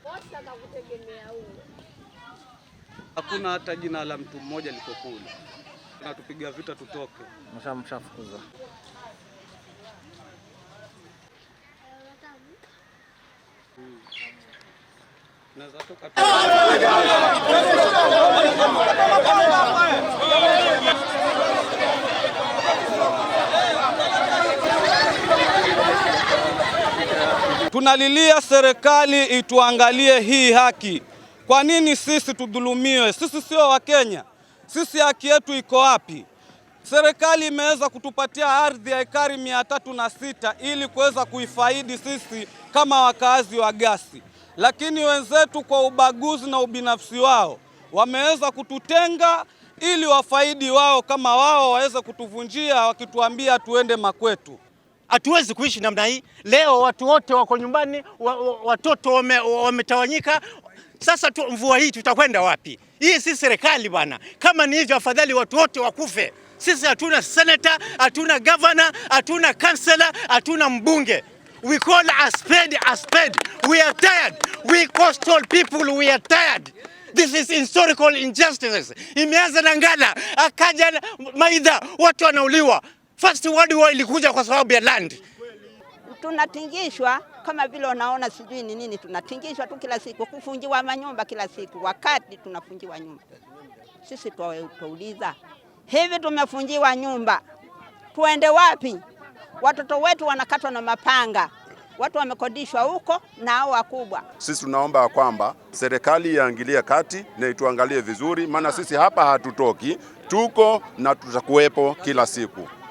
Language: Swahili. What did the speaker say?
Kosa la kutegemea huo Hakuna hata jina la mtu mmoja liko kule, natupiga vita tutoke. Mshamshafukuza Tunalilia serikali ituangalie hii haki. Kwa nini sisi tudhulumiwe? Sisi sio Wakenya? Sisi haki yetu iko wapi? Serikali imeweza kutupatia ardhi ya ekari mia tatu na sita ili kuweza kuifaidi sisi kama wakazi wa Gasi, lakini wenzetu kwa ubaguzi na ubinafsi wao wameweza kututenga ili wafaidi wao kama wao waweze kutuvunjia, wakituambia tuende makwetu. Hatuwezi kuishi namna hii. Leo watu wote wako nyumbani, watoto wametawanyika, wame sasa tu, mvua hii tutakwenda wapi? Hii si serikali bwana. Kama ni hivyo, afadhali watu wote wakufe. Sisi hatuna senata, hatuna gavana, hatuna kansela, hatuna mbunge. We call a spade a spade. We are tired. We coastal people, we are tired. This is historical injustice. Imeanza na Ngala, akaja Maidha, watu wanauliwa First World War ilikuja kwa sababu ya land. Tunatingishwa kama vile unaona, sijui ni nini, tunatingishwa tu kila siku, kufungiwa manyumba kila siku. Wakati tunafungiwa nyumba, sisi tuuliza hivi tumefungiwa nyumba, tuende wapi? Watoto wetu wanakatwa na mapanga, watu wamekodishwa huko na hao wakubwa. Sisi tunaomba kwamba serikali iingilie kati na ituangalie vizuri, maana sisi hapa hatutoki, tuko na tutakuwepo kila siku.